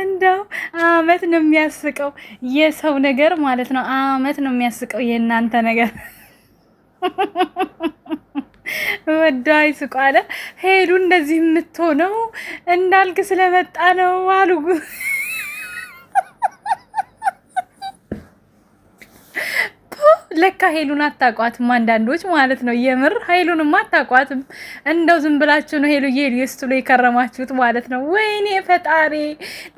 እንደው አመት ነው የሚያስቀው የሰው ነገር ማለት ነው። አመት ነው የሚያስቀው የእናንተ ነገር። ወዳ ይስቁ አለ ሄዱ። እንደዚህ የምትሆነው እንዳልክ ስለመጣ ነው አሉ። ለካ ሄሉን አታቋትም አንዳንዶች ማለት ነው። የምር ሄሉንም አታቋትም። እንደው ዝም ብላችሁ ነው ሄሉ ሄሉ ስትሉ የከረማችሁት ማለት ነው። ወይኔ ፈጣሪ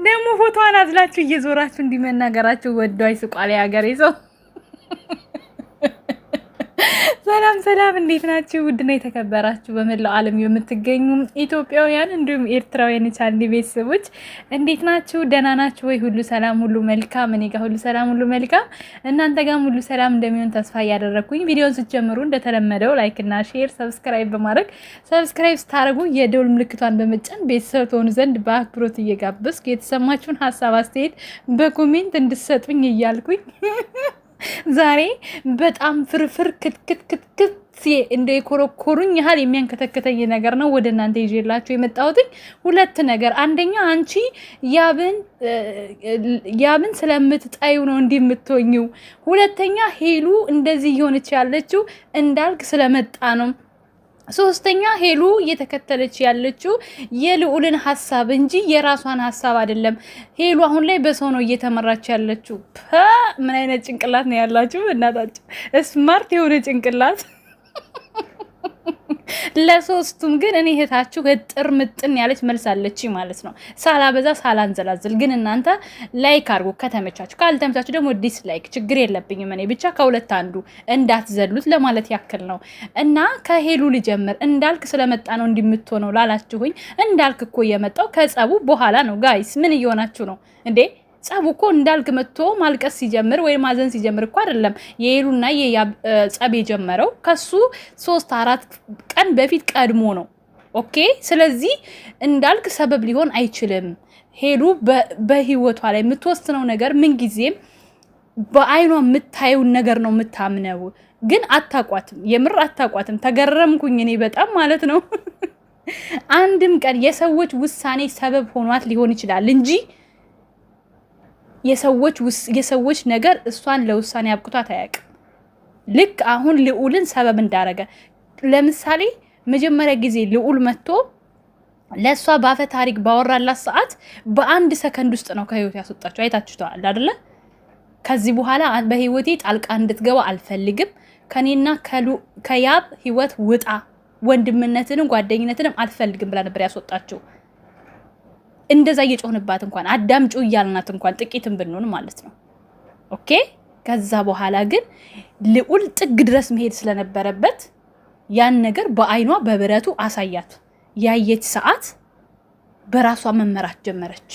ደግሞ ፎቶዋን አዝላችሁ እየዞራችሁ እንዲመናገራችሁ ወዷይ አይስቋል የሀገሬ ሰው ሰላም ሰላም፣ እንዴት ናችሁ? ውድና የተከበራችሁ በመላው ዓለም የምትገኙ ኢትዮጵያውያን እንዲሁም ኤርትራውያን የቻንዲ ቤተሰቦች እንዴት ናችሁ? ደህና ናችሁ ወይ? ሁሉ ሰላም፣ ሁሉ መልካም። እኔ ጋር ሁሉ ሰላም፣ ሁሉ መልካም። እናንተ ጋርም ሁሉ ሰላም እንደሚሆን ተስፋ እያደረግኩኝ ቪዲዮን ስትጀምሩ እንደተለመደው ላይክና ሼር፣ ሰብስክራይብ በማድረግ ሰብስክራይብ ስታደርጉ የደውል ምልክቷን በመጫን ቤተሰብ ትሆኑ ዘንድ በአክብሮት እየጋበዝኩ የተሰማችሁን ሀሳብ አስተያየት በኮሜንት እንድሰጡኝ እያልኩኝ ዛሬ በጣም ፍርፍር ክትክትክትክት እንደ የኮረኮሩኝ ያህል የሚያንከተክተኝ ነገር ነው ወደ እናንተ ይዤላችሁ የመጣሁትኝ ሁለት ነገር። አንደኛ አንቺ ያብን ስለምትጣዩ ነው እንዲህ የምትሆኝው። ሁለተኛ ሄሉ እንደዚህ እየሆነች ያለችው እንዳልክ ስለመጣ ነው። ሶስተኛ ሄሉ እየተከተለች ያለችው የልዑልን ሀሳብ እንጂ የራሷን ሀሳብ አይደለም። ሄሉ አሁን ላይ በሰው ነው እየተመራች ያለችው። ምን አይነት ጭንቅላት ነው ያላችሁ? እናታችሁ ስማርት የሆነ ጭንቅላት ለሶስቱም ግን እኔ እህታችሁ እጥር ምጥን ያለች መልስ አለች ማለት ነው። ሳላበዛ ሳላንዘላዝል ግን እናንተ ላይክ አድርጎ ከተመቻችሁ፣ ካልተመቻችሁ ደግሞ ዲስላይክ ችግር የለብኝም። እኔ ብቻ ከሁለት አንዱ እንዳትዘሉት ለማለት ያክል ነው እና ከሄሉ ልጀምር። እንዳልክ ስለመጣ ነው እንዲምትሆነው ላላችሁኝ፣ እንዳልክ እኮ የመጣው ከጸቡ በኋላ ነው። ጋይስ ምን እየሆናችሁ ነው እንዴ? ጸቡ እኮ እንዳልክ መጥቶ ማልቀስ ሲጀምር ወይም ማዘን ሲጀምር እኮ አይደለም የሄሉና ጸብ የጀመረው ከሱ ሶስት አራት ቀን በፊት ቀድሞ ነው። ኦኬ ስለዚህ እንዳልክ ሰበብ ሊሆን አይችልም። ሄሉ በህይወቷ ላይ የምትወስነው ነገር ምንጊዜም በአይኗ የምታየውን ነገር ነው የምታምነው። ግን አታቋትም፣ የምር አታቋትም። ተገረምኩኝ እኔ በጣም ማለት ነው። አንድም ቀን የሰዎች ውሳኔ ሰበብ ሆኗት ሊሆን ይችላል እንጂ የሰዎች ነገር እሷን ለውሳኔ አብቅቷት አያውቅም። ልክ አሁን ልዑልን ሰበብ እንዳረገ ለምሳሌ መጀመሪያ ጊዜ ልዑል መጥቶ ለእሷ በአፈ ታሪክ ባወራላት ሰዓት በአንድ ሰከንድ ውስጥ ነው ከህይወት ያስወጣቸው። አይታችተዋል አደለ? ከዚህ በኋላ በህይወቴ ጣልቃ እንድትገባ አልፈልግም፣ ከኔና ከያብ ህይወት ውጣ፣ ወንድምነትንም ጓደኝነትንም አልፈልግም ብላ ነበር ያስወጣቸው። እንደዛ እየጮህንባት እንኳን አዳምጩ እያልናት እንኳን ጥቂትም ብንሆን ማለት ነው ኦኬ። ከዛ በኋላ ግን ልዑል ጥግ ድረስ መሄድ ስለነበረበት ያን ነገር በአይኗ በብረቱ አሳያት። ያየች ሰዓት በራሷ መመራት ጀመረች።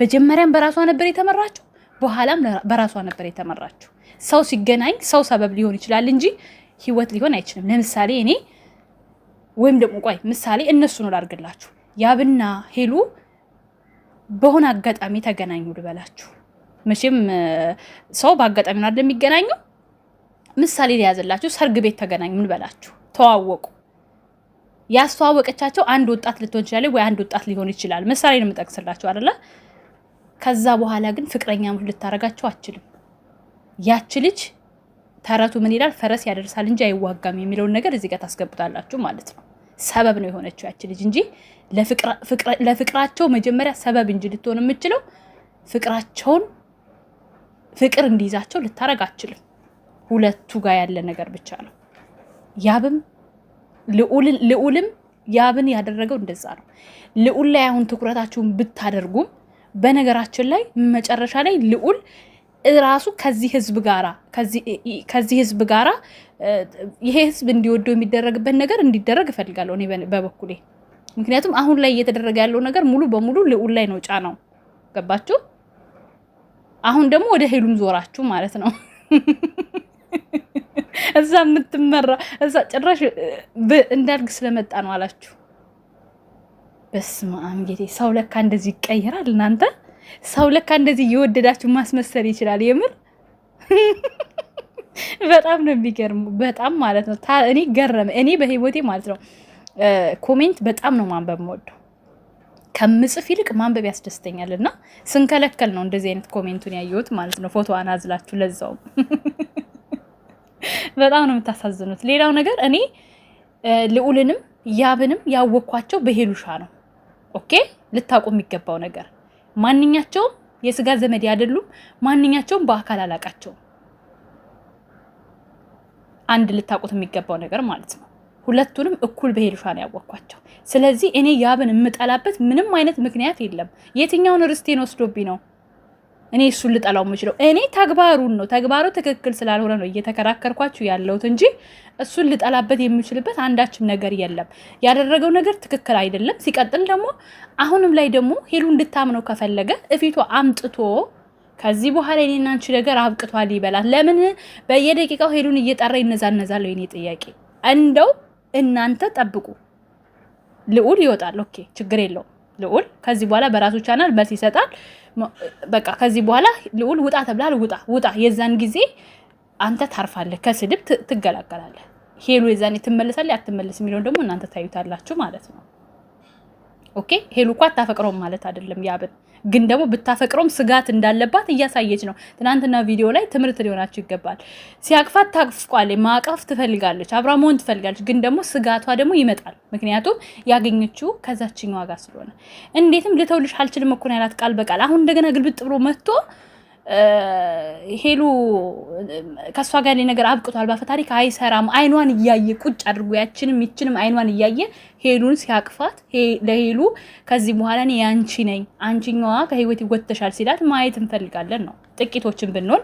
መጀመሪያም በራሷ ነበር የተመራችው፣ በኋላም በራሷ ነበር የተመራችው። ሰው ሲገናኝ ሰው ሰበብ ሊሆን ይችላል እንጂ ህይወት ሊሆን አይችልም። ለምሳሌ እኔ ወይም ደግሞ ቆይ ምሳሌ እነሱ ነው ላርግላችሁ። ያብና ሄሉ በሆነ አጋጣሚ ተገናኙ ልበላችሁ። መቼም ሰው በአጋጣሚ ነው አይደል የሚገናኘው። ምሳሌ ሊያዝላችሁ ሰርግ ቤት ተገናኙ ልበላችሁ፣ ተዋወቁ። ያስተዋወቀቻቸው አንድ ወጣት ልትሆን ይችላለች ወይ አንድ ወጣት ሊሆን ይችላል። ምሳሌ ነው የምጠቅስላችሁ አይደለ? ከዛ በኋላ ግን ፍቅረኛ ፍቅረኛሞች ልታረጋቸው አችልም። ያች ልጅ ተረቱ ምን ይላል? ፈረስ ያደርሳል እንጂ አይዋጋም የሚለውን ነገር እዚህ ጋር ታስገብታላችሁ ማለት ነው። ሰበብ ነው የሆነችው ያች ልጅ እንጂ ለፍቅራቸው መጀመሪያ ሰበብ እንጂ ልትሆን የምችለው ፍቅራቸውን ፍቅር እንዲይዛቸው ልታረግ አችልም። ሁለቱ ጋር ያለ ነገር ብቻ ነው። ያብም ልዑልም ያብን ያደረገው እንደዛ ነው። ልዑል ላይ አሁን ትኩረታችሁን ብታደርጉም በነገራችን ላይ መጨረሻ ላይ ልዑል ራሱ ከዚህ ህዝብ ጋራ ከዚህ ህዝብ ጋራ ይሄ ህዝብ እንዲወደው የሚደረግበት ነገር እንዲደረግ እፈልጋለሁ እኔ በበኩሌ። ምክንያቱም አሁን ላይ እየተደረገ ያለው ነገር ሙሉ በሙሉ ልዑል ላይ ነው ጫናው። ገባችሁ? አሁን ደግሞ ወደ ሄሉም ዞራችሁ ማለት ነው። እዛ የምትመራ እዛ ጭራሽ እንዳልግ ስለመጣ ነው አላችሁ። በስመ አብ ጌቴ! ሰው ለካ እንደዚህ ይቀየራል እናንተ ሰው ለካ እንደዚህ እየወደዳችሁ ማስመሰል ይችላል። የምር በጣም ነው የሚገርሙ። በጣም ማለት ነው። እኔ ገረመ። እኔ በህይወቴ ማለት ነው ኮሜንት በጣም ነው ማንበብ መወዱ ከምጽፍ ይልቅ ማንበብ ያስደስተኛል። እና ስንከለከል ነው እንደዚህ አይነት ኮሜንቱን ያየሁት ማለት ነው። ፎቶ አናዝላችሁ ለዛውም በጣም ነው የምታሳዝኑት። ሌላው ነገር እኔ ልዑልንም ያብንም ያወኳቸው በሄሉሻ ነው። ኦኬ ልታውቁ የሚገባው ነገር ማንኛቸውም የስጋ ዘመድ አይደሉም። ማንኛቸውም በአካል አላቃቸውም። አንድ ልታውቁት የሚገባው ነገር ማለት ነው። ሁለቱንም እኩል በሄልሻ ነው ያወቅኳቸው። ስለዚህ እኔ ያብን የምጠላበት ምንም አይነት ምክንያት የለም። የትኛውን ርስቴን ወስዶብኝ ነው እኔ እሱን ልጠላው የምችለው እኔ ተግባሩን ነው። ተግባሩ ትክክል ስላልሆነ ነው እየተከራከርኳችሁ ያለሁት እንጂ እሱን ልጠላበት የምችልበት አንዳችም ነገር የለም። ያደረገው ነገር ትክክል አይደለም። ሲቀጥል ደግሞ አሁንም ላይ ደግሞ ሄሉ እንድታምነው ከፈለገ እፊቱ አምጥቶ ከዚህ በኋላ የኔና አንቺ ነገር አብቅቷል ይበላል። ለምን በየደቂቃው ሄሉን እየጠራ ይነዛነዛል? የኔ ጥያቄ እንደው እናንተ ጠብቁ፣ ልዑል ይወጣል። ኦኬ ችግር የለውም። ልዑል ከዚህ በኋላ በራሱ ቻናል መልስ ይሰጣል። በቃ ከዚህ በኋላ ልዑል ውጣ ተብላል፣ ውጣ ውጣ። የዛን ጊዜ አንተ ታርፋለህ፣ ከስድብ ትገላገላለህ። ሄሉ የዛኔ ትመልሳለህ አትመልስ የሚለውን ደግሞ እናንተ ታዩታላችሁ ማለት ነው። ኦኬ ሄሉ እኮ አታፈቅረውም ማለት አይደለም። ያብን ግን ደግሞ ብታፈቅረውም ስጋት እንዳለባት እያሳየች ነው። ትናንትና ቪዲዮ ላይ ትምህርት ሊሆናችሁ ይገባል። ሲያቅፋት ታቅፍቋል፣ ማቀፍ ትፈልጋለች፣ አብራ መሆን ትፈልጋለች። ግን ደግሞ ስጋቷ ደግሞ ይመጣል። ምክንያቱም ያገኘችው ከዛችኛዋ ዋጋ ስለሆነ እንዴትም ልተውልሽ አልችልም እኮ ነው ያላት ቃል በቃል። አሁን እንደገና ግልብጥ ብሎ መጥቶ ሄሉ ከእሷ ጋር ነገር አብቅቷል፣ በፈታሪክ አይሰራም። አይኗን እያየ ቁጭ አድርጎ ያችንም ይችንም አይኗን እያየ ሄሉን ሲያቅፋት ለሄሉ ከዚህ በኋላ እኔ ያንቺ ነኝ፣ አንቺኛዋ ከህይወት ይጎተሻል ሲላት ማየት እንፈልጋለን ነው። ጥቂቶችን ብንሆን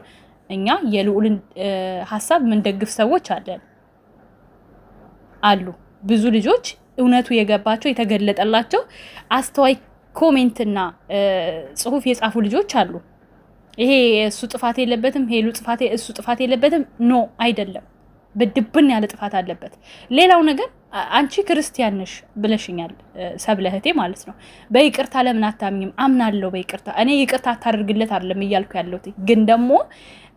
እኛ የልዑልን ሀሳብ ምንደግፍ ሰዎች አለን አሉ ብዙ ልጆች እውነቱ የገባቸው የተገለጠላቸው አስተዋይ ኮሜንትና ጽሁፍ የጻፉ ልጆች አሉ። ይሄ እሱ ጥፋት የለበትም፣ ሄሉ ጥፋት እሱ ጥፋት የለበትም። ኖ አይደለም፣ በድብን ያለ ጥፋት አለበት። ሌላው ነገር አንቺ ክርስቲያን ነሽ ብለሽኛል፣ ሰብለ እህቴ ማለት ነው። በይቅርታ ለምን አታምኝም? አምናለሁ በይቅርታ እኔ ይቅርታ አታደርግለት አይደለም እያልኩ ያለሁት ግን ደግሞ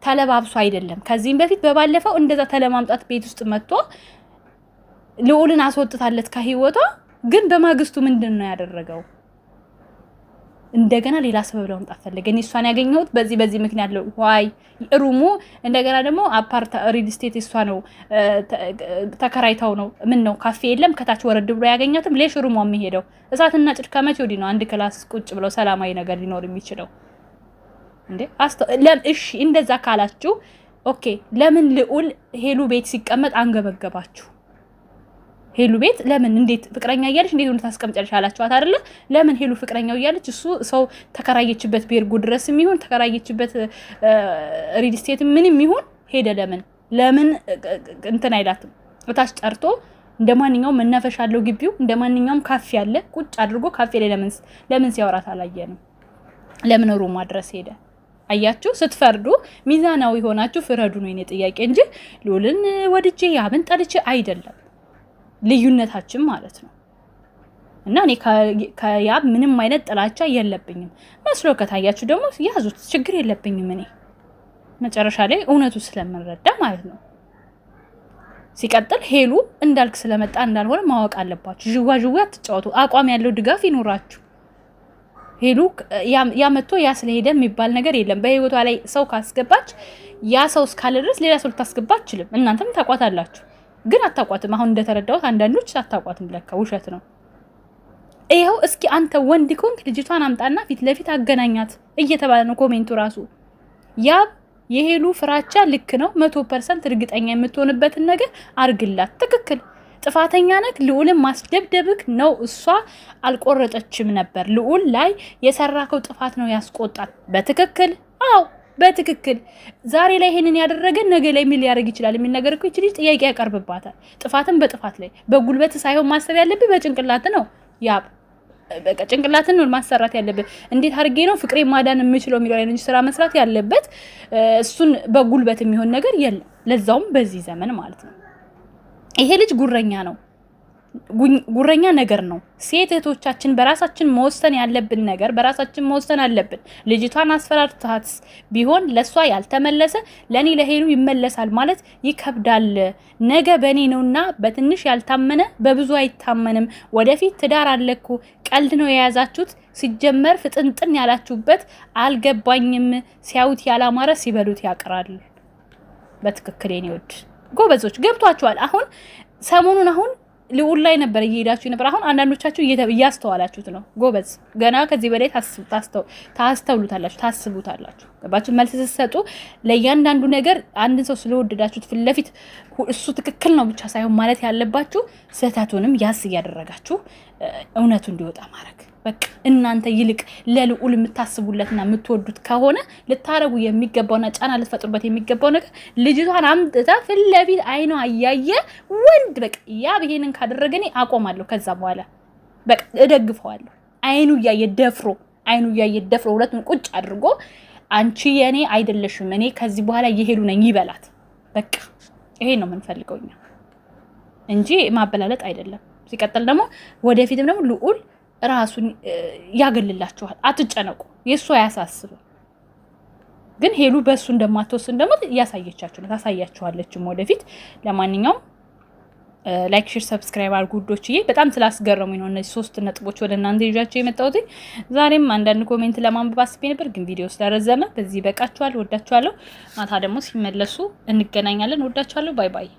ተለባብሶ አይደለም። ከዚህም በፊት በባለፈው እንደዛ ተለማምጣት ቤት ውስጥ መጥቶ ልዑልን አስወጥታለት ከህይወቷ ግን በማግስቱ ምንድን ነው ያደረገው? እንደገና ሌላ ሰበብ ለመምጣት ፈለገ። እኔ እሷን ያገኘሁት በዚህ በዚህ ምክንያት ነው ዋይ ሩሙ እንደገና ደግሞ አፓርት ሪል ስቴት እሷ ነው ተከራይታው ነው ምን ነው ካፌ የለም ከታች ወረድ ብሎ ያገኛትም ሌሽ ሩሙ የሚሄደው እሳትና ጭድ ከመቼ ወዲህ ነው አንድ ክላስ ቁጭ ብለው ሰላማዊ ነገር ሊኖር የሚችለው እንዴ? እሺ እንደዛ ካላችሁ ኦኬ፣ ለምን ልዑል ሄሉ ቤት ሲቀመጥ አንገበገባችሁ? ሄሉ ቤት ለምን እንዴት ፍቅረኛ እያለች እንዴት ሆነ ታስቀምጫለሽ አላቸዋት አይደለ? ለምን ሄሉ ፍቅረኛው እያለች እሱ ሰው ተከራየችበት ቤርጎ ድረስ የሚሆን ተከራየችበት ሪልስቴት ምን የሚሆን ሄደ ለምን ለምን እንትን አይላትም እታች ጠርቶ እንደ ማንኛውም መናፈሻ አለው ግቢው፣ እንደ ማንኛውም ካፌ አለ። ቁጭ አድርጎ ካፌ ላይ ለምን ሲያወራት አላየንም? ለምን ሮማ ድረስ ሄደ? አያችሁ፣ ስትፈርዱ ሚዛናዊ ሆናችሁ ፍረዱ ነው የኔ ጥያቄ እንጂ ሉልን ወድጄ ያብን ጠልቼ አይደለም። ልዩነታችን ማለት ነው። እና እኔ ከያብ ምንም አይነት ጥላቻ የለብኝም። መስሎ ከታያችሁ ደግሞ ያዙት፣ ችግር የለብኝም። እኔ መጨረሻ ላይ እውነቱ ስለምንረዳ ማለት ነው። ሲቀጥል ሄሉ እንዳልክ ስለመጣ እንዳልሆነ ማወቅ አለባችሁ። ዥዋ ዥዋ አትጫወቱ። አቋም ያለው ድጋፍ ይኖራችሁ። ሄሉ ያመቶ ያ ስለሄደ የሚባል ነገር የለም። በህይወቷ ላይ ሰው ካስገባች ያ ሰው እስካለ ድረስ ሌላ ሰው ልታስገባ አችልም። እናንተም ታቋታላችሁ። ግን አታውቋትም። አሁን እንደተረዳሁት አንዳንዶች አታውቋትም፣ ለካ ውሸት ነው። ይኸው እስኪ አንተ ወንድ ኮንክ ልጅቷን አምጣና ፊት ለፊት አገናኛት እየተባለ ነው ኮሜንቱ ራሱ። ያ የሄሉ ፍራቻ ልክ ነው። መቶ ፐርሰንት እርግጠኛ የምትሆንበትን ነገር አርግላት። ትክክል ጥፋተኛ ነክ ልዑልን ማስደብደብክ ነው። እሷ አልቆረጠችም ነበር። ልዑል ላይ የሰራከው ጥፋት ነው ያስቆጣት። በትክክል አዎ። በትክክል ዛሬ ላይ ይሄንን ያደረገ ነገ ላይ ምን ሊያደርግ ይችላል የሚል ነገር እኮ ይችል ጥያቄ ያቀርብባታል። ጥፋትን በጥፋት ላይ በጉልበት ሳይሆን ማሰብ ያለብህ በጭንቅላት ነው። ያ በቃ ጭንቅላትን ነው ማሰራት ያለብህ። እንዴት አድርጌ ነው ፍቅሬ ማዳን የምችለው የሚለው አይነት ስራ መስራት ያለበት እሱን በጉልበት የሚሆን ነገር የለም። ለዛውም በዚህ ዘመን ማለት ነው። ይሄ ልጅ ጉረኛ ነው። ጉረኛ ነገር ነው። ሴት እህቶቻችን በራሳችን መወሰን ያለብን ነገር በራሳችን መወሰን አለብን። ልጅቷን አስፈራርታት ቢሆን ለእሷ ያልተመለሰ ለእኔ ለሄሉ ይመለሳል ማለት ይከብዳል። ነገ በእኔ ነውና በትንሽ ያልታመነ በብዙ አይታመንም። ወደፊት ትዳር አለኩ። ቀልድ ነው የያዛችሁት። ሲጀመር ፍጥንጥን ያላችሁበት አልገባኝም። ሲያዩት ያላማረ ሲበሉት ያቅራል። በትክክል ኔ ውድ ጎበዞች ገብቷችኋል። አሁን ሰሞኑን አሁን ልዑል ላይ ነበር እየሄዳችሁ ነበር። አሁን አንዳንዶቻችሁ እያስተዋላችሁት ነው። ጎበዝ ገና ከዚህ በላይ ታስተውሉታላችሁ፣ ታስቡታላችሁ። ገባችሁ? መልስ ስትሰጡ ለእያንዳንዱ ነገር አንድን ሰው ስለወደዳችሁት ፊት ለፊት እሱ ትክክል ነው ብቻ ሳይሆን ማለት ያለባችሁ ስህተቱንም ያስ እያደረጋችሁ እውነቱ እንዲወጣ ማድረግ በቃ እናንተ ይልቅ ለልዑል የምታስቡለትና የምትወዱት ከሆነ ልታረጉ የሚገባውና ጫና ልትፈጥሩበት የሚገባው ነገር ልጅቷን አምጥታ ፊት ለፊት አይኗ እያየ ወንድ በቃ ያ ብሄንን ካደረገ እኔ አቆማለሁ። ከዛ በኋላ በቃ እደግፈዋለሁ። አይኑ እያየ ደፍሮ አይኑ እያየ ደፍሮ ሁለቱን ቁጭ አድርጎ አንቺ የእኔ አይደለሽም እኔ ከዚህ በኋላ እየሄዱ ነኝ ይበላት። በቃ ይሄ ነው የምንፈልገው እኛ እንጂ ማበላለጥ አይደለም። ሲቀጥል ደግሞ ወደፊትም ደግሞ ልዑል ራሱን ያገልላችኋል። አትጨነቁ፣ የእሱ አያሳስብም። ግን ሄሉ በእሱ እንደማትወስን ደግሞ እያሳየቻችሁ ነው፣ ታሳያችኋለችም ወደፊት። ለማንኛውም ላይክ፣ ሼር፣ ሰብስክራይብ አድርጉ ውዶችዬ። በጣም ስላስገረሙ ነው እነዚህ ሶስት ነጥቦች ወደ እናንተ ይዣቸው የመጣሁት። ዛሬም አንዳንድ ኮሜንት ለማንበብ አስቤ ነበር፣ ግን ቪዲዮ ስለረዘመ በዚህ ይበቃችኋል። ወዳችኋለሁ። ማታ ደግሞ ሲመለሱ እንገናኛለን። ወዳችኋለሁ። ባይ ባይ።